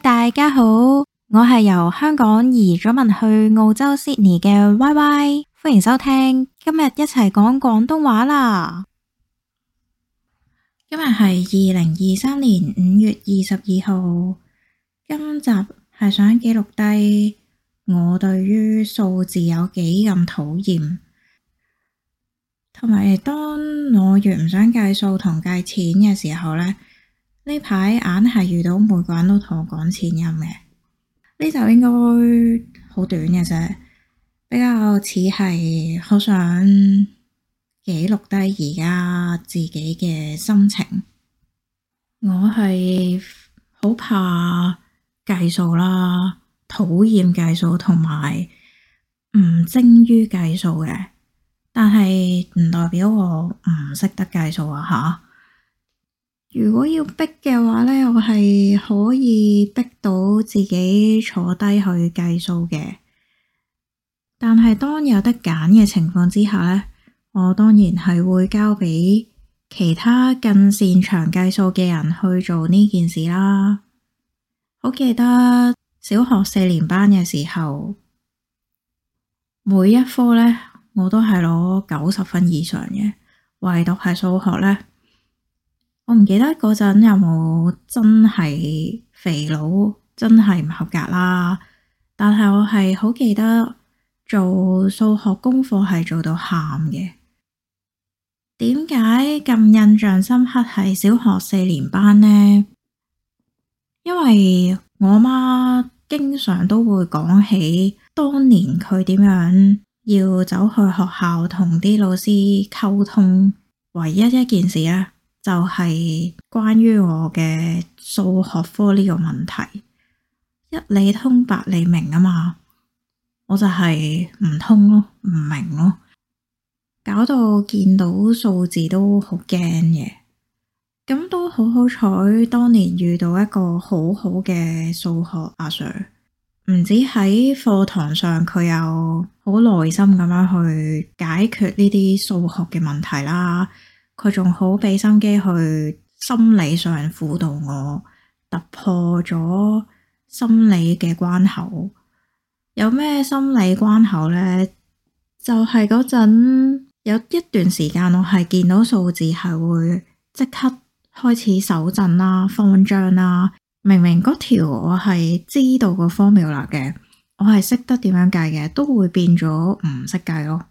大家好，我係由香港移咗民去澳洲悉尼嘅 Y Y，歡迎收聽，今日一齊講廣東話啦。今日係二零二三年五月二十二號，今集係想記錄低我對於數字有幾咁討厭，同埋當我越唔想計數同計錢嘅時候呢。呢排硬係遇到每個人都同我講錢銀嘅。呢集應該好短嘅啫，比較似係好想記錄低而家自己嘅心情。我係好怕計數啦，討厭計數同埋唔精於計數嘅，但係唔代表我唔識得計數啊吓。如果要逼嘅話呢，我係可以逼到自己坐低去計數嘅。但係當有得揀嘅情況之下呢，我當然係會交俾其他更擅長計數嘅人去做呢件事啦。好記得小學四年班嘅時候，每一科呢我都係攞九十分以上嘅，唯獨係數學呢。我唔記得嗰陣有冇真係肥佬，真係唔合格啦，但係我係好記得做數學功課係做到喊嘅。點解咁印象深刻係小學四年班呢？因為我媽經常都會講起當年佢點樣要走去學校同啲老師溝通，唯一一件事啊。就係關於我嘅數學科呢個問題，一理通百理明啊嘛，我就係唔通咯，唔明咯，搞到見到數字都好驚嘅。咁都好好彩，當年遇到一個好好嘅數學阿 Sir，唔止喺課堂上佢又好耐心咁樣去解決呢啲數學嘅問題啦。佢仲好俾心機去心理上輔導我，突破咗心理嘅關口。有咩心理關口呢？就係嗰陣有一段時間，我係見到數字係會即刻開始手震啦、啊、慌張啦。明明嗰條我係知道個 formula 嘅，我係識得點樣計嘅，都會變咗唔識計咯。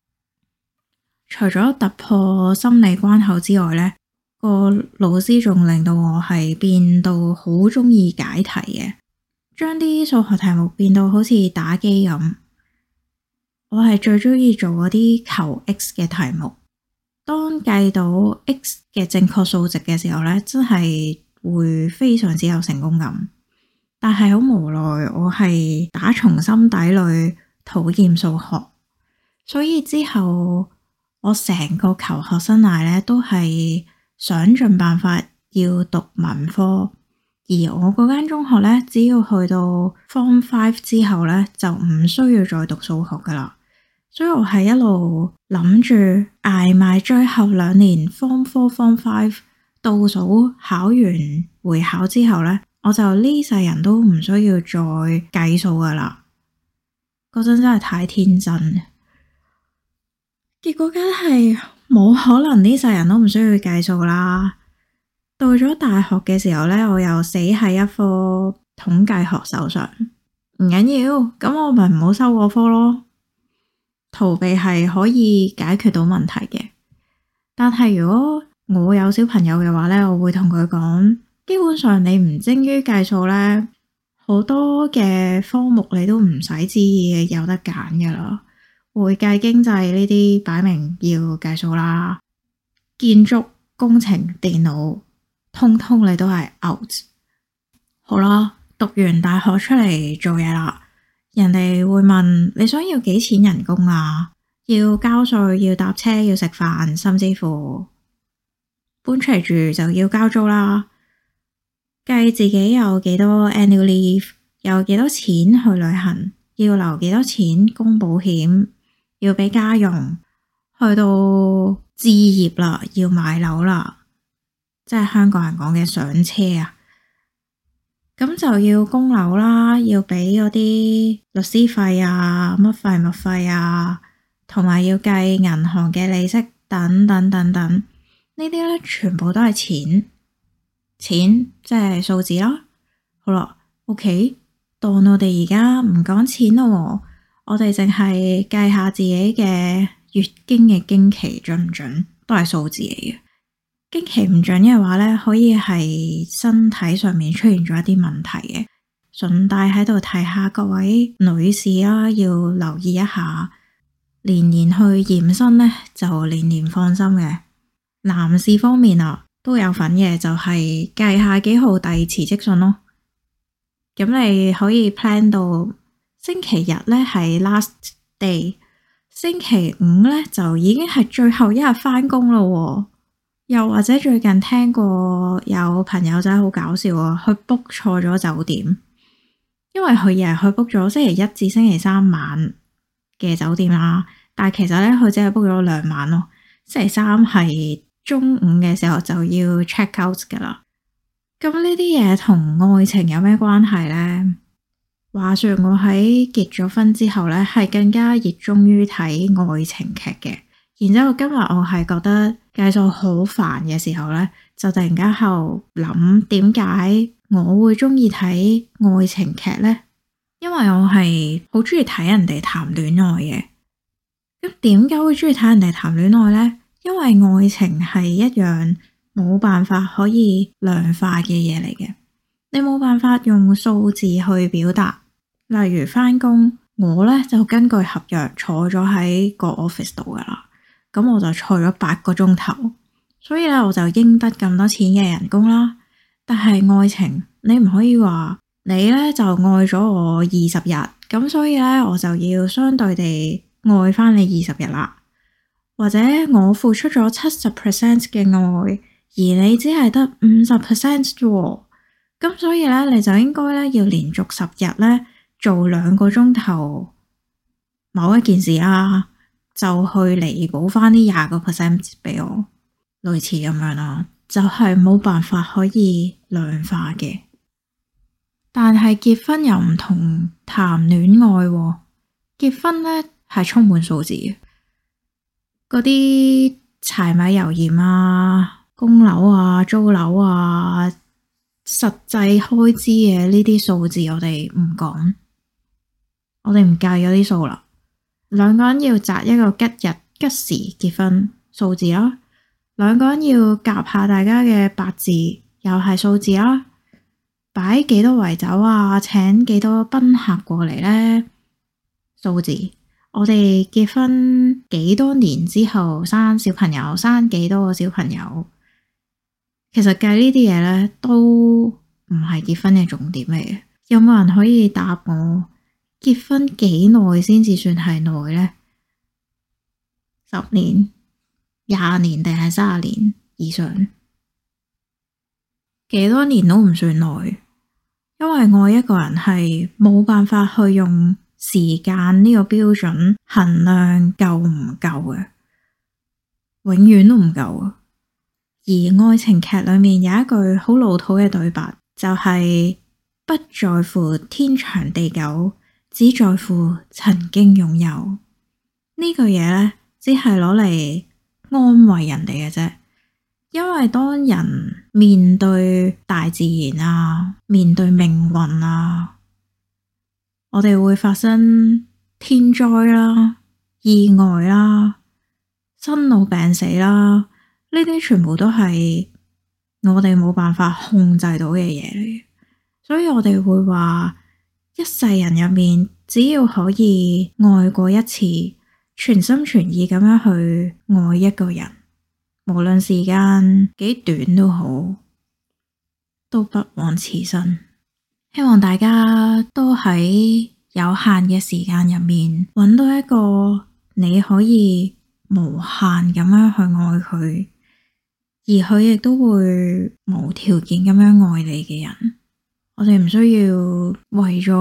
除咗突破心理關口之外，呢個老師仲令到我係變到好中意解題嘅，將啲數學題目變到好似打機咁。我係最中意做嗰啲求 x 嘅題目，當計到 x 嘅正確數值嘅時候，呢真係會非常之有成功感。但係好無奈，我係打從心底裏討厭數學，所以之後。我成個求學生涯咧，都係想盡辦法要讀文科，而我嗰間中學咧，只要去到 Form Five 之後咧，就唔需要再讀數學噶啦。所以我係一路諗住捱埋最後兩年 Form Four、Form Five 倒數，考完會考之後咧，我就呢世人都唔需要再計數噶啦。嗰陣真係太天真。結果梗係冇可能，呢世人都唔需要計數啦。到咗大學嘅時候咧，我又死喺一科統計學手上，唔緊要，咁我咪唔好收嗰科咯。逃避係可以解決到問題嘅，但係如果我有小朋友嘅話咧，我會同佢講，基本上你唔精於計數咧，好多嘅科目你都唔使知嘅，有得揀㗎啦。會計、經濟呢啲擺明要計數啦，建築、工程、電腦通通你都係 out。好啦，讀完大學出嚟做嘢啦，人哋會問你想要幾錢人工啊？要交稅，要搭車，要食飯，甚至乎搬出嚟住就要交租啦。計自己有幾多 annual leave，有幾多錢去旅行，要留幾多錢供保險。要畀家用，去到置業啦，要買樓啦，即係香港人講嘅上車啊，咁就要供樓啦，要畀嗰啲律師費啊，乜費物費啊，同埋要計銀行嘅利息等等等等，呢啲咧全部都係錢，錢即係數字咯。好啦，OK，當我哋而家唔講錢咯喎。我哋淨係計下自己嘅月經嘅經期準唔準，都係數字嚟嘅。經期唔準嘅話咧，可以係身體上面出現咗一啲問題嘅。順帶喺度提下各位女士啦、啊，要留意一下，年年去驗身咧就年年放心嘅。男士方面啊，都有份嘅，就係計下幾號遞辭職信咯。咁你可以 plan 到。星期日咧係 last day，星期五咧就已經係最後一日翻工咯。又或者最近聽過有朋友仔好搞笑啊，去 book 錯咗酒店，因為佢日日去 book 咗星期一至星期三晚嘅酒店啦，但係其實咧佢只係 book 咗兩晚咯。星期三係中午嘅時候就要 check out 噶啦。咁呢啲嘢同愛情有咩關係咧？話說我喺結咗婚之後咧，係更加熱衷於睇愛情劇嘅。然之後今日我係覺得計數好煩嘅時候咧，就突然間後諗點解我會中意睇愛情劇呢？因為我係好中意睇人哋談戀愛嘅。咁點解會中意睇人哋談戀愛呢？因為愛情係一樣冇辦法可以量化嘅嘢嚟嘅。你冇辦法用數字去表達，例如返工，我咧就根據合約坐咗喺個 office 度噶啦，咁我就坐咗八個鐘頭，所以咧我就應得咁多錢嘅人工啦。但係愛情，你唔可以話你咧就愛咗我二十日，咁所以咧我就要相對地愛返你二十日啦，或者我付出咗七十 percent 嘅愛，而你只係得五十 percent 啫。咁所以咧，你就應該咧要連續十日咧做兩個鐘頭某一件事啊，就去彌補翻呢廿個 percent 俾我，類似咁樣咯、啊。就係、是、冇辦法可以量化嘅。但係結婚又唔同談戀愛、啊，結婚咧係充滿數字嘅，嗰啲柴米油鹽啊、供樓啊、租樓啊。實際開支嘅呢啲數字我，我哋唔講，我哋唔計嗰啲數啦。兩個人要擇一個吉日吉時結婚，數字啦。兩個人要夾下大家嘅八字，又係數字啦。擺幾多圍酒啊？請幾多賓客過嚟呢？數字。我哋結婚幾多年之後生小朋友，生幾多個小朋友？其實計呢啲嘢咧都唔係結婚嘅重點嚟嘅。有冇人可以答我結婚幾耐先至算係耐咧？十年、廿年定係三十年以上？幾多年都唔算耐，因為愛一個人係冇辦法去用時間呢個標準衡量夠唔夠嘅，永遠都唔夠嘅！而愛情劇裏面有一句好老土嘅對白，就係、是、不在乎天長地久，只在乎曾經擁有。呢句嘢呢，只係攞嚟安慰人哋嘅啫。因為當人面對大自然啊，面對命運啊，我哋會發生天災啦、啊、意外啦、啊、生老病死啦、啊。呢啲全部都係我哋冇辦法控制到嘅嘢，所以我哋會話一世人入面，只要可以愛過一次，全心全意咁樣去愛一個人，無論時間幾短都好，都不枉此生。希望大家都喺有限嘅時間入面，揾到一個你可以無限咁樣去愛佢，而佢亦都會無條件咁樣愛你嘅人，我哋唔需要為咗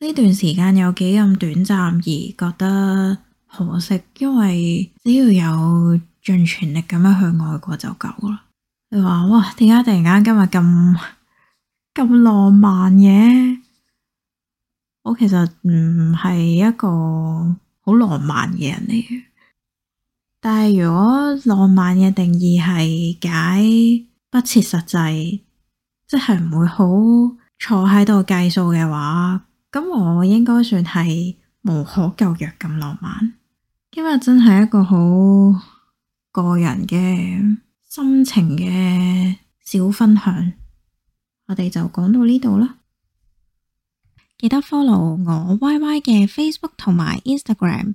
呢段時間有幾咁短暫而覺得可惜，因為只要有盡全力咁樣去愛過就夠啦。你話哇，點解突然間今日咁咁浪漫嘅？我其實唔係一個好浪漫嘅人嚟嘅。但係如果浪漫嘅定義係解不切實際，即係唔會好坐喺度計數嘅話，咁我應該算係無可救藥咁浪漫。今日真係一個好個人嘅心情嘅小分享，我哋就講到呢度啦。記得 follow 我 YY 嘅 Facebook 同埋 Instagram。